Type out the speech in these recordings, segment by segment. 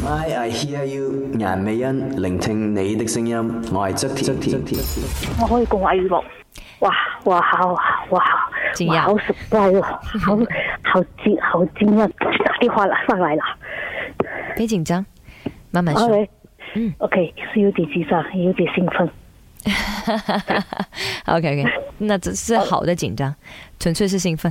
My, I hear you，顏美欣聆聽你的聲音，我係側田。我可以講話語錄。哇哇好哇哇，哇，哇好熟乖喎、哦，好好好驚訝，打電話啦上嚟啦。別緊張，慢慢講。Okay. Okay. 嗯，OK，是有點緊張，有點興奮。 OK OK，那只是好的緊張，純 粹是興奮。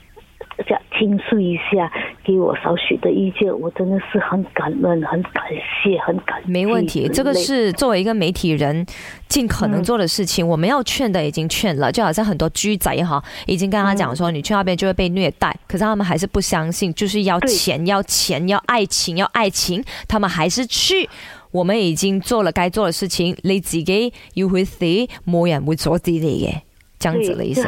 想傾訴一下，給我少許的意見，我真的是很感恩、很感謝、很感。沒問題，這個是作為一個媒體人盡可能做的事情。嗯、我們要勸的已經勸了，就好像很多居仔哈，已經跟他講說、嗯、你去那邊就會被虐待，可是他們還是不相信，就是要錢、要錢、要愛情、要愛情，他們還是去。我們已經做了該做的事情，嗯、你自己你會睇，冇人會阻止你嘅，這樣子的意思。